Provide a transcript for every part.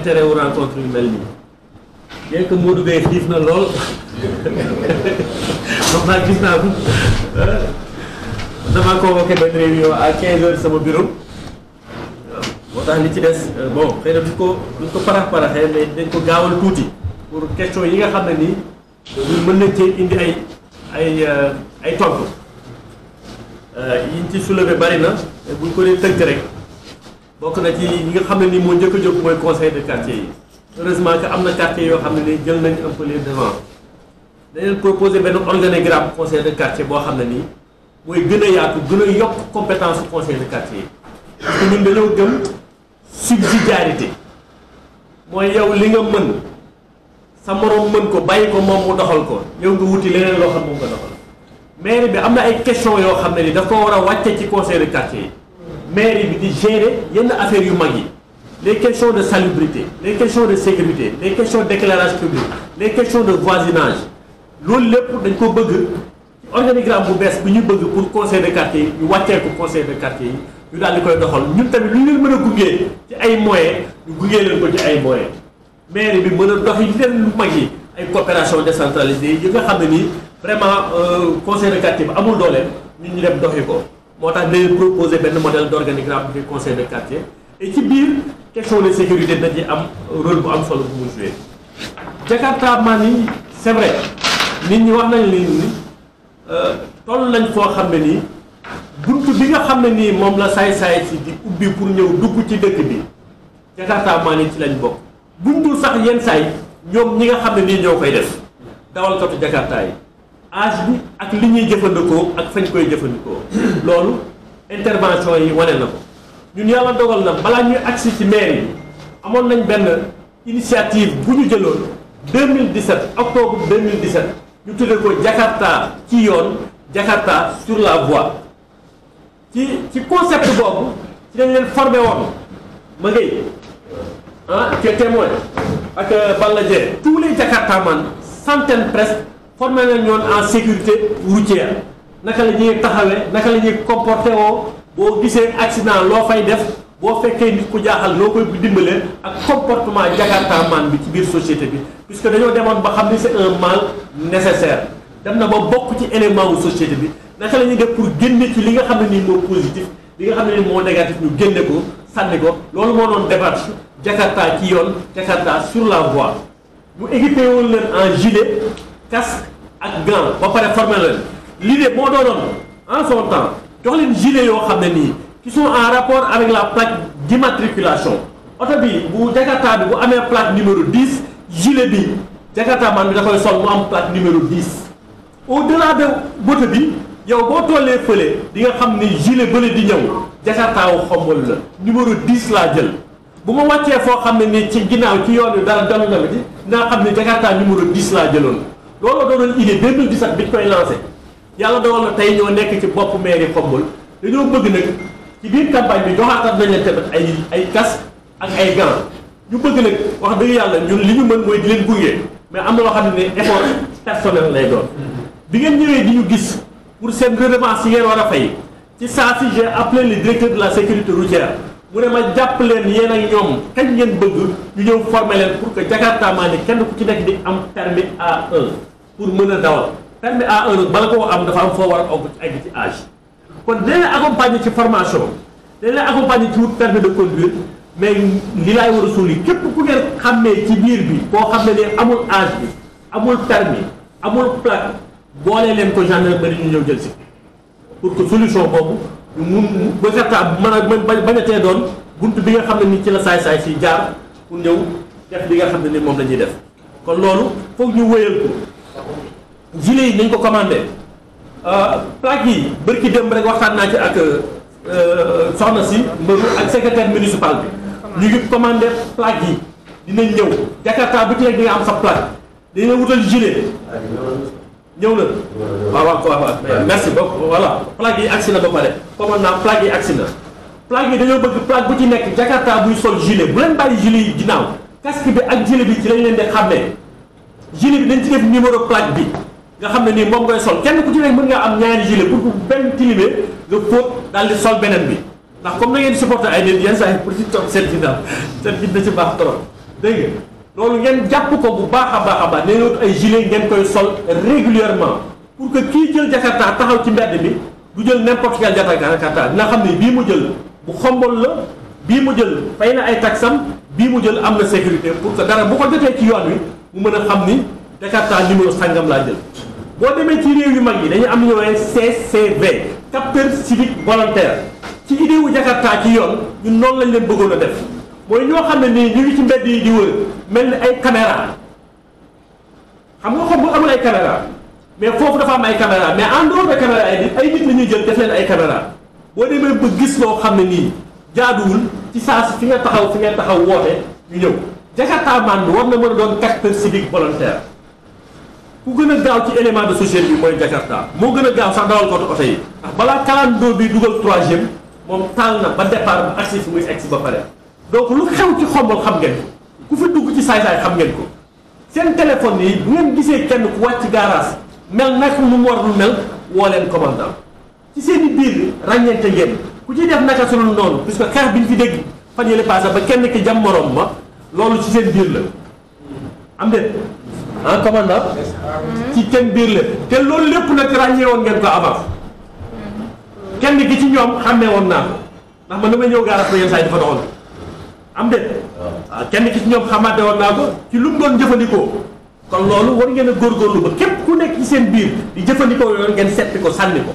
intérêt wu rencontre yu mel nii bien que Modou xiif na lool xam naa gis naa ko damaa convoqué benn réunion à 15 heures sama bureau moo tax li ci des euh, bon xëy na ko duñ ko parax paraxee mais dañ ko gaawal tuuti pour question yi nga xam ne nii ñu mën nañ cee indi ay ay euh, ay tontu euh, yiñ ci soulevé bari na buñ ko dee tënk rek. bokk na ci ñi nga xam ne ni moo njëkk jokk mooy conseil de quartier yi heureusement que am na quartier yoo xam ne ni jël nañ un peu les devants dañ leen proposé benn organigramme conseil de quartier boo xam ne nii mooy gën a yaatu gën a yokk compétence su conseil de quartier yi parce que ñun dañoo gëm subsidiarité mooy yow li nga mën sa moroom mën ko bàyyi ko moom mu doxal ko yow nga wuti leneen loo xam moom nga doxal maire bi am na ay question yoo xam ne ni daf ko war a wàcce ci conseil de yi mairie bi di gérer y affaires yu affaire humaine les questions de salubrité les questions de sécurité les questions d'éclairage public les questions de voisinage loolu lépp dañ ko bëgg organigramme bu bees bu nous bëgg pour conseil de quartier yi ñu ko conseil de quartier yi ñu daal di koy doxal ñun tamit lu ñu leen mën a gungee ci ay moyens ñu gungee leen ko ci ay moyens mairie bi mën dox yi lu ay coopération décentralisée yi nga xam ne vraiment euh, conseil de quartier Nous amul dooleem ñun ñu dem je vais proposer proposé modèle d'organigramme du conseil de quartier et ci la question de sécurité da rôle bu am Jakarta man vrai nous ñi wax nañ ni euh, toll nañ buntu bi nga xamné ni mom pour dugg ci dëkk Jakarta man ci lañ buntu sax ñi nga Jakarta âge bi ak li ñuy jëfandikoo ak fañ koy jëfandikoo loolu intervention yi wane na ko ñun yàlla dogal na balaa ñuy agsi ci maire yi amoon nañ benn initiative bu ñu jëloon 2017 octobre 2017 ñu tuddee ko jakarta ci yoon jakarta sur la voie ci ci concept boobu ci dañ leen formé woon ma ngay ah ci témoin ak balla tous les jakarta man centaine presque formé nañ ñoon en sécurité routière naka la ñuy taxawee naka la ñuy comporté woo boo gisee accident loo fay def boo fekkee nit ku jaaxal noo koy dimbalee ak comportement jakarta man bi ci biir société bi puisque dañoo demoon ba xam ni c'est un mal nécessaire dem na ba bokk ci élément wu société bi naka la ñuy def pour génne ci li nga xam ne nii moo positif li nga xam ne nii moo négatif ñu génne ko sànni ko loolu moo doon démarche jakarta ci yoon jakarta sur la voie mu en gilet casque ak gant ba pare la leen l'idée moo doonoon en son temps jox leen gilet yoo xam ne nii ki sont en rapport avec la plaque d'immatriculation oto bi bu Jakarta bi bu amee plaque numéro 10 gilet bi Jakarta man bi da koy sol mu am plaque numéro 10 au delà de moto bi yow boo tollee fële di nga xam ni gilet bële di ñëw Jakarta wu xombal la numéro 10 laa jël bu ma wàccee foo xam ne nii ci ginnaaw ci yoon wi dara dal na ma ci naa xam ni Jakarta numéro 10 laa jëloon. looloo doonoon idée 2017 bi ñu koy lancé yàlla dogal na tey ñoo nekk ci bopp mairie Khombole dañoo bëgg nag ci biir campagne bi joxaatat nañ leen tamit ay ay casque ak ay gants ñu bëgg nag wax dëgg yàlla ñun li ñu mën mooy di leen gunge mais am na loo xam ne effort personnel lay doon. bi ngeen ñëwee di ñu gis pour seen redevance yi ngeen war a fay ci saa si j'ai appelé le directeur de la sécurité routière mu ne ma jàpp leen yéen ak ñoom kañ ngeen bëgg ñu ñëw former leen pour que jakarta kenn ku ci nekk di am permis pour mën a dawal permis A1 bala koo am dafa am foo war a egg ci âge kon dañ la ci formation dañ la accompagner ci wut permis de conduire mais li laay war a suul yi képp ku xam ne ci biir bi koo xam ne ne amul âge bi amul permis amul plaque boolee leen ko gendarmerie ñu ñëw jël si pour que solution boobu mun ba gerta mën a mën bañ a tee doon bunt bi nga xam ne ni ci la saay-saay si jaar pour ñëw def bi nga xam ne ni moom la ñuy def gilet yi nañ ko commandé euh, plaque yi bërki démb rek waxtaan naa ci ak euh, soxna si mbëru ak secrétaire municipal bi ñu ngi commandé plaque yi dinañ ñëw Jakarta bu ci rek di nga am sa plaque dina wutal gilet ñëw na waaw ko waaw merci beaucoup voilà plaque yi agsi na ba pare commande naa plaque yi agsi na plaque yi dañoo bëgg plaque bu ci nekk Jakarta buy sol gilet bu leen bàyyi gilet yi ginnaaw casque bi ak gilet bi ci lañ leen di xàmmee gilet bi dañ ci def numéro plaque bi nga xam ne nii moom ngay sol kenn ku ci nekk mën nga am ñaari gilet pour bu benn tilimee nga fóot daal sol beneen bi ndax comme na ngeen supporté ay nit yenn saa yi pour ci loolu ngeen jàpp ko bu baax a baax a ay gilet ngeen koy sol régulièrement pour que kii jël jakarta taxaw ci mbedd mi du jël n'importe quel jakarta dina xam ne bii mu jël bu xombol la bii mu jël fay na ay taxam bii mu jël am na sécurité pour que dara bu ko jotee ci yoon wi mu mën a xam ni Jakarta numéro sàngam laa jël boo demee ci réew yu mag yi dañu am lu ñuy CCV capteur civique volontaire ci idée wu Jakarta ci yoon ñun noonu lañ leen bëggoon a def mooy ñoo xam ne nii ñu ngi ci mbedd yi di wër mel ni ay caméra xam nga xam bu amul ay caméra mais foofu dafa am ay caméra mais en dehors de caméra ay nit ay la ñuy jël def leen ay caméra boo demee ba gis loo xam ne nii jaaduwul ci saa si fi nga taxaw fi nga taxaw woote ñu ñëw Jakarta Band war na mën a doon acteur civique volontaire ku gën a gaaw ci élément de société bi mooy Jakarta moo gën a gaaw sax dawal ko oto yi ndax balaa kalandoo bi dugal troisième moom taal na ba départ ba agsi fi muy agsi ba pare donc lu xew ci xombal xam ngeen ko ku fi dugg ci saay-saay xam ngeen ko seen téléphone yi bu ngeen gisee kenn ku wàcc garage mel nak lu mu war lu mel woo leen commandant ci seen i biir ràññeente ngeen ku ci def naka su dul noonu puisque xeex fi dégg fan yële ba kenn ki jam morom ma loolu ci seen biir la am déet en ah, commandant ci seen biir la te loolu lépp nag ràññee woon ngeen ko avant kenn ki ci ñoom xàmmee woon naa ko ndax man damay ñëw gaara yenn saa yi dafa doxal am déet ah. ah, kenn ki ci ñoom xamaate woon naa ko ci lu doon jëfandikoo kon loolu war ngeen góor a góorgóorlu ba képp ku nekk ci seen biir di jëfandikoo yoon ngeen seppi ko sànni ko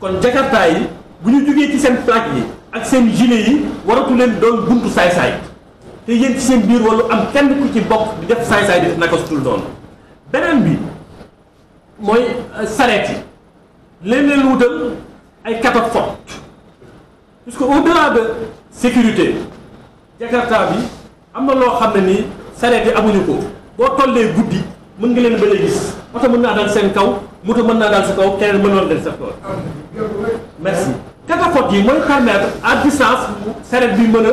kon jakartaa yi bu ñu jógee ci seen plaque yi ak seen gilet yi waratu leen doon buntu saay-saay te yéen ci seen biir wala am kenn ku ci bokk di def saay-saay di ko naka sutul noonu beneen bi mooy sareet euh, yi leen leen wutal ay capote forte puisque au-delà sécurité Jakarta bi am na loo xam ne nii sareet yi amuñu ko boo tollee guddi mën nga leen bële gis oto mën naa dal seen kaw mu moto mën naa dal sa kaw keneen mënoon dal sa kaw merci capote forte yi mooy permettre à distance sareet bi mën a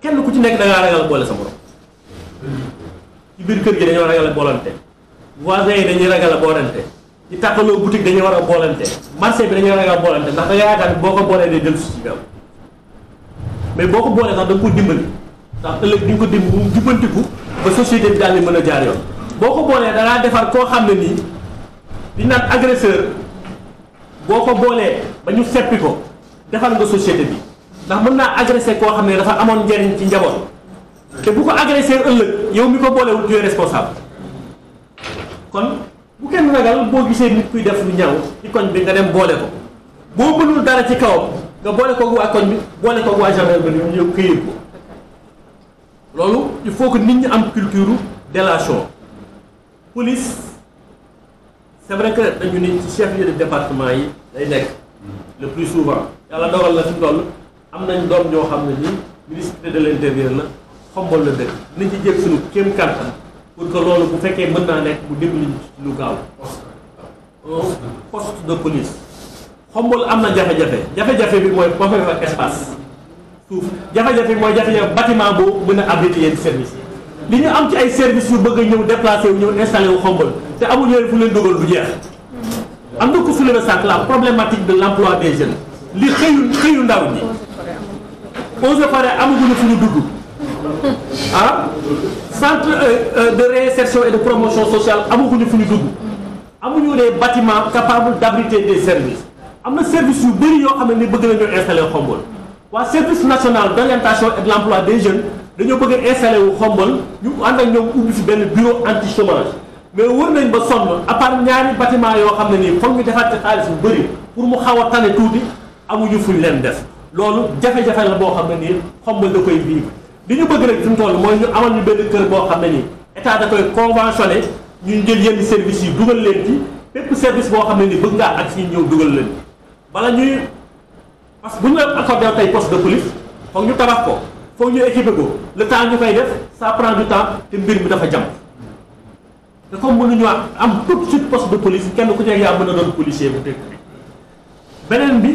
kenn ku ci nekk da ngaa ragal boole sa morom ci biir kër gi dañoo ragal a boolante voisin yi dañuy ragal a boolante ci tàqaloo boutique dañuy war a boolante marché bi dañuy ragal a boolante ndax da nga yaakaar boo ko boolee day si ci mais boo ko boolee sax da ko dimbali ndax ëllëg di ko dimbali bu mu jubbantiku ba société bi daal mën a jaar boo ko boolee dangaa defar koo xam ne nii di naan agresseur boo ko boolee ba ñu seppi ko defar nga société bi ndax mën naa agressé koo xam ne dafa amoon njëriñ ci njaboot te bu ko agressé ëllëg yow mi ko boolewul tu es responsable kon bu kenn ragal boo gisee nit kuy def lu ñaaw ci koñ bi nga dem boole ko boo mënul dara ci kawam nga boole ko waa koñ bi boole ko waa gendarmerie bi ñëw këyit ko loolu il faut que nit ñi am culture délation police c'est vrai que dañu nit ci chef lieu de département yi day nekk le plus souvent yàlla dogal la fi toll am nañ doom ñoo xam ne ni ministre de l' intérieur la xombal la dëkk dina ci jël suñu kéem kàttan pour ko loolu bu fekkee mën naa nekk bu dimbali ci lu gaaw poste de police xombal am na jafe-jafe jafe-jafe bi mooy boo fa espace suuf jafe-jafe bi mooy jafe-jafe bâtiment bu mën a abriter yenn service li ñu am ci ay service yu bëgg ñëw déplacé wu ñëw installé wu xombal te amul yooyu fu leen dugal bu jeex am na ko fule sànq la problématique de l' emploi des jeunes li xëyu xëyu ndaw ñi eaux et forêts amaguñu fu ñu ah centre euh, euh, de réinsertion et de promotion sociale amaguñu fu ñu dugg amuñu des bâtiments capables d'abriter des services amna service yu bëri yoo xam ne bëgg nañoo installer xombol wa service national d'orientation et de l'emploi des jeunes dañu bëgg installer wu Khombole ñu and ak ñom ubbi fi ben bureau anti chômage mais wër nañ ba son à part ñaari bâtiment yo xamné ni nii ñu defaat ci xaalis bu bari pour mu xaw a tane tuuti amuñu fuñ len def loolu jafe-jafe la boo xam ne nii xombal da koy vivre li ñu bëgg rek fi mu toll mooy ñu amal ñu benn kër boo xam ne nii état da koy conventionné ñu jël yenn service yi dugal leen ci bépp service boo xam ne nii bëgg ngaa ak si ñëw dugal leen bala ñuy parce que bu ñu la accordé tey poste de police foog ñu tabax ko foog ñu équipé ko le temps ñu koy def sa prend du temps te mbir mi dafa jam te comme mënuñu am tout de suite poste de police kenn ku nekk yaa mën a doon policier bu dëkk bi beneen bi.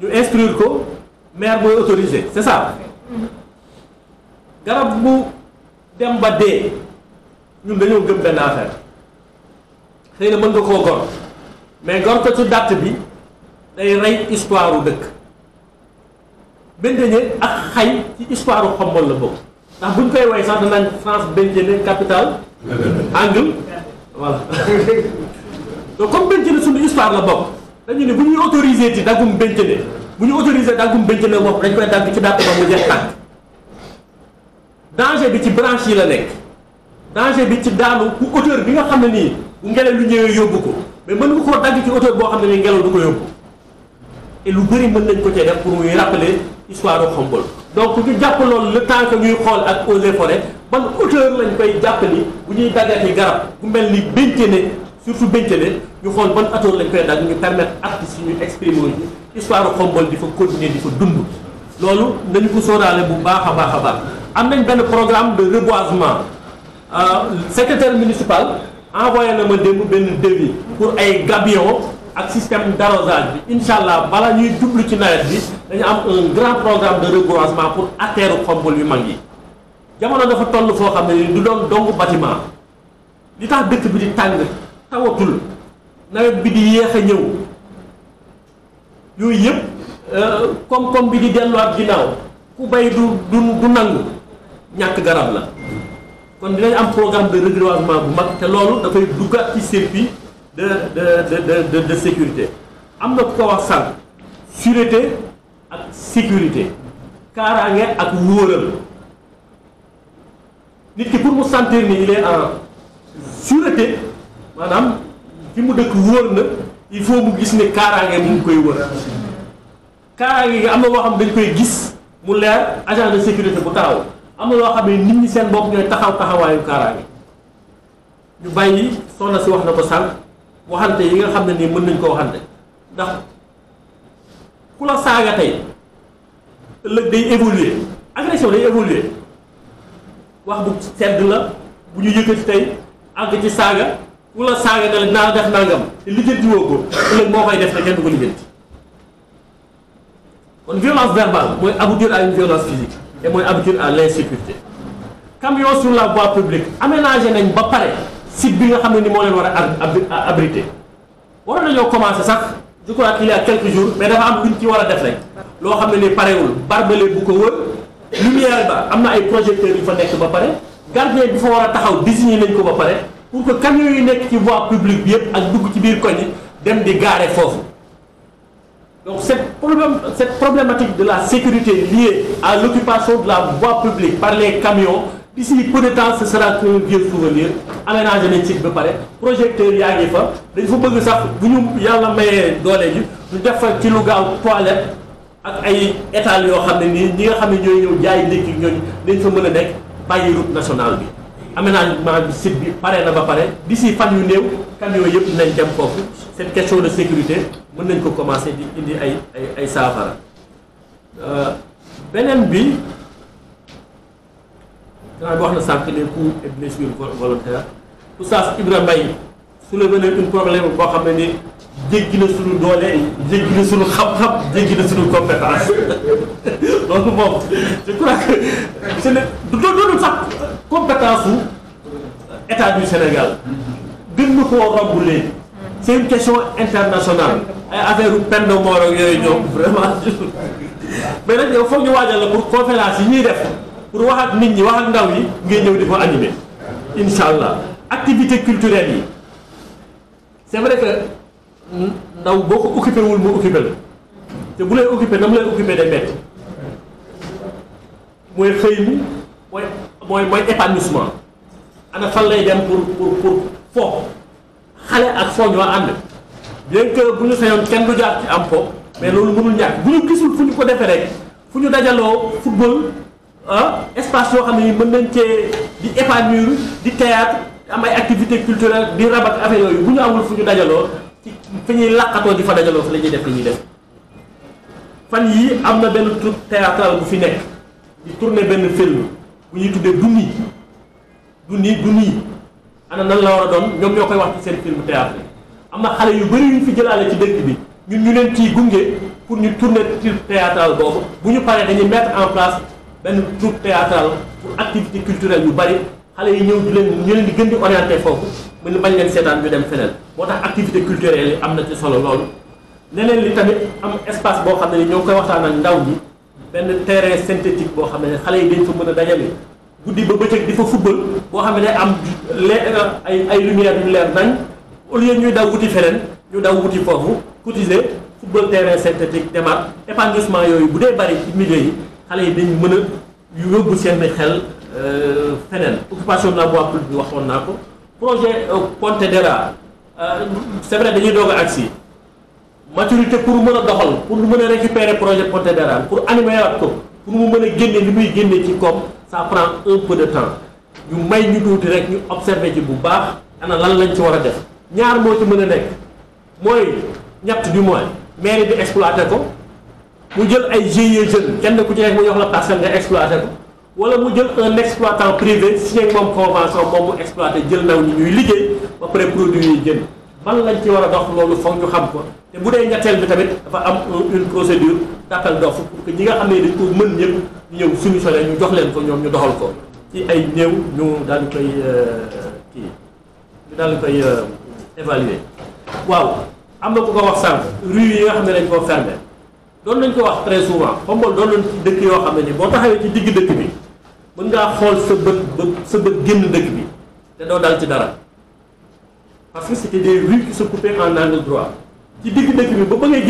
ñu instruire ko maire boy autorisé c'est ça garab bu dem ba dee ñun dañoo gëm benn affaire xëy na mën nga koo gor mais gor ko ci date bi day rey histoire u dëkk Bendéné ak xay ci histoire u xombal la bokk ndax buñ koy way sax danañ France Bendéné capitale angle voilà donc comme Bendéné sunu histoire la bokk dañu ne bu ñuy autorisé ci daggum béntale bu ñu autorisé daggum béntale bopp dañ koy dagg ci dàpp ba mu jeex tànk danger bi ci branche yi la nekk danger bi ci daanu ku hauteur bi nga xam ne nii bu ngelaw lu ñëwee yóbbu ko mais mën nga koo dagg ci hauteur boo xam ne nii ngelaw du ko yóbbu lu bëri mën nañ ko cee def pour muy rappeler histoire u Xombol donc ñu jàpp loolu le temps que ñuy xool ak eaux et forêts ban hauteur lañ koy ni bu ñuy daggati garab bu mel ni béntale surtout Béntélé ñu xool ban atoor lañ koy dal permettre artistes qui ñu exprimer histoire xombol di fa continuer di fa dund. loolu nañu nous allons bu aller a baax a baax am nañ programme de reboisement euh, secrétaire municipal envoyé na ma démb benn devis pour ay gabion ak système d'arrosage Inshallah, incha allah bala ñuy Nous ci un grand programme de reboisement pour attirer xombol yu Nous avons jamono dafa toll de xam ne du doon dong bâtiment li tax dëkk bi di tawatul nawet bi di yéex a ñëw yooyu yëpp kom euh, koom bi di delluwaat ginnaaw ku bay du du du nangu ñàkk garab la kon dinañ am programme de regroupement bu mag te loolu dafay dugga ci circuit de de de de de sécurité am na ku ko wax sànq sûreté ak sécurité kaaraange ak wóoral nit ki pour mu sentir ni il est en sûreté maanaam fi mu dëkk wóor na il faut mu gis ne kaaraange mu ngi koy wër kaaraange gi am na loo xam dañ koy gis mu leer agent sécurité bu taxaw am na loo xam ne nit ñi seen bopp ñooy taxaw taxawaayu kaaraange ñu bàyyi soxna si wax na ko sànq waxante yi nga xam ne nii mën nañ koo waxante ndax ku la saaga tey ëllëg day évoluer agression day évoluer wax bu sedd la bu ñu yëkkati tey àgg ci saaga ku la dal na def nangam li lijjanti woo ko ëllëg koy def rek kenn du ko lijjanti kon violence verbale moy aboutir à une violence physique et moy aboutir à l'insécurité camion sur la voie publique aménagé nañ ba pare site bi nga xam ne ni moo leen war a abrité waroon nañoo commencé sax je crois qu'il y a quelques jours mais dafa am luñ ci wara def rek lo xam ni parewul barbelé bu ko wër lumière ba amna ay projecteurs yu fa nek ba pare gardien bi fa wara taxaw désigner nañ ko ba pare pour que camion qui nekk ci voie publique bi yëpp ak ci donc cette problématique de la sécurité liée à l'occupation de la voie publique par les camions ici peu de temps ce sera un vieux souvenir aménagé nañ ci ba projecteur yaa fa dañ bëgg sax ñu ci lu gaaw toilette ak ay étal yoo xam ne ñi nga xam ne ñooy jaay nationale aménagement du site bi pare na ba pare d'ici fan yu néew camion yëpp dinañ dem foofu cette question de sécurité mën nañ ko commencer di indi ay ay ay saafara euh, beneen bi danaa wax na sànq les coups et blessures volontaires Oustaz Ibra Mbaye soulevé na un problème boo xam ne ni jéggi na suñu doole jéggi na suñu xam-xam jéggi na suñu compétence donc moom je crois que ce n'est du doonul sax compétence état du Sénégal gën na koo C'est une question internationale ay affaire peine de mort ak yooyu vraiment mais il faut que ñu la pour conférence yi pour voir ak nit ñi wax ak ndaw yi animer. animé activité culturelle c'est vrai que nous avons beaucoup occupé wul mu occupé la te bu lay occupé na lay occupé day métti moy moy épanouissement ana fan lay dem pour pour pour fo xalé ak fo ñoo and bien que buñu ñu kenn du jaar ci am fo mais lolu mënul ñàkk buñu gisul fuñu ko défé rek fuñu dajalo football hein ah, espace yo xamni mën nañ ci di épanouir di théâtre am ay activité culturelle di rabat affaire yoyu buñu amul fuñu dajalo ci fiñuy laqato di fa dajalo fa la def li def fan yi amna na benn troupe théâtral bu fi nek di tourner benn film bu ñuy tuddee dunni dunni dunni ana nan la war a doon ñoom ñoo koy wax ci seen film théâtre am na xale yu bëri yu ñu fi jëlaale ci dëkk bi ñun ñu leen ciy gunge pour ñu tourner troupe théâtrale boobu bu ñu paree dañuy mettre en place benn troupe théâtrale pour activité culturelle yu bëri xale yi ñëw di leen ñu leen di gën di orienté foofu mën bañ leen seetaan ñu dem feneen moo tax activité culturelle yi am na ci solo loolu leneen li tamit am espace boo xam ne ñoo koy waxtaan ak ndaw ñi ben terrain synthétique boo xam ne xale yi dañ fa mën a dajale guddi ba bëccëg di fa football boo xam ne am euh, ay ay lumière yu leer nañ au lieu ñuy daw wuti feneen ñu daw wuti foofu cotiser football terrain synthétique demaat épanouissement yooyu bu dee bari ci milieu yi xale yi dañ mën a yóbbu seen xel euh, feneen occupation de la voie publique bi waxoon naa ko projet euh, Pontedera c'est vrai dañuy doog a agsi maturité pour mën a doxal pour mën a récupérer projet Pontedera pour animer waat ko pour mu mën a génne li muy génne ci koom sa prend un peu de temps ñu may ñu tuuti rek ñu observer ji bu baax ana lan lañ ci war a def ñaar moo ci mën a nekk mooy ñett bi moins mairie bi exploité ko mu jël ay GIE jeunes kenn ku ci nekk mu jox la parcelle nga exploité ko wala mu jël un exploitant privé signé ak moom convention moom mu exploité jël ndaw ñi ñuy liggéey ba pare produit yi jënd. ban lañ ci war a dox loolu foog ñu xam ko te bu dee teel bi tamit dafa am une procédure d'appel d'offres pour ñi nga xam ne dañ ko mën ñëpp ñu suñu soumissionné ñu jox leen ko ñoom ñu doxal ko ci ay néew ñu daal di koy euh, kii ñu daal di koy euh, évaluer waaw am na ko ko wax sànq rue yi nga xam ne dañ koo fermé doon nañ ko wax très souvent xombal doon nañ ci dëkk yoo xam ne ni boo taxawee ci digg dëkk bi mën ngaa xool sa bët ba sa bët génn dëkk bi te doo dal ci dara parce que c'était des rues qui se coupaient en angle droit ci digg dëkk bi ba ba ngay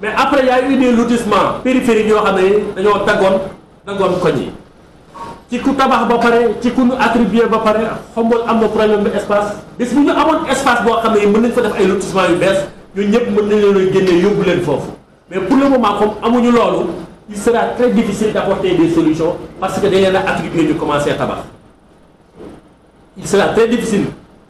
mais après il y a eu des lotissements périphériques qui ont été dañoo daggoon daggoon koñ yi ci ku tabax ba pare ci ku ñu attribué ba pare xombal am l'espace, problème de espace bis bu ñu amoon espace boo xam ne mën fa def ay lotissement yu ñun mais pour le moment comme amuñu il sera très difficile d'apporter des solutions parce que a des attributs qui ont commencé tabac. il sera très difficile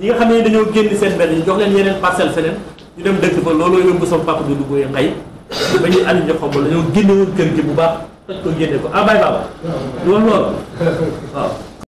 ñi nga xam ne dañoo génn seen mbedd ñu jox leen yeneen parcelle feneen ñu dem dëkk fa looloo yóbbu sama papa bi duggoy xay ba ñuy ànd ñu xomb la ñoo génne woon kër gi bu baax toj ko génne ko ah bay baba loolu loolu waaw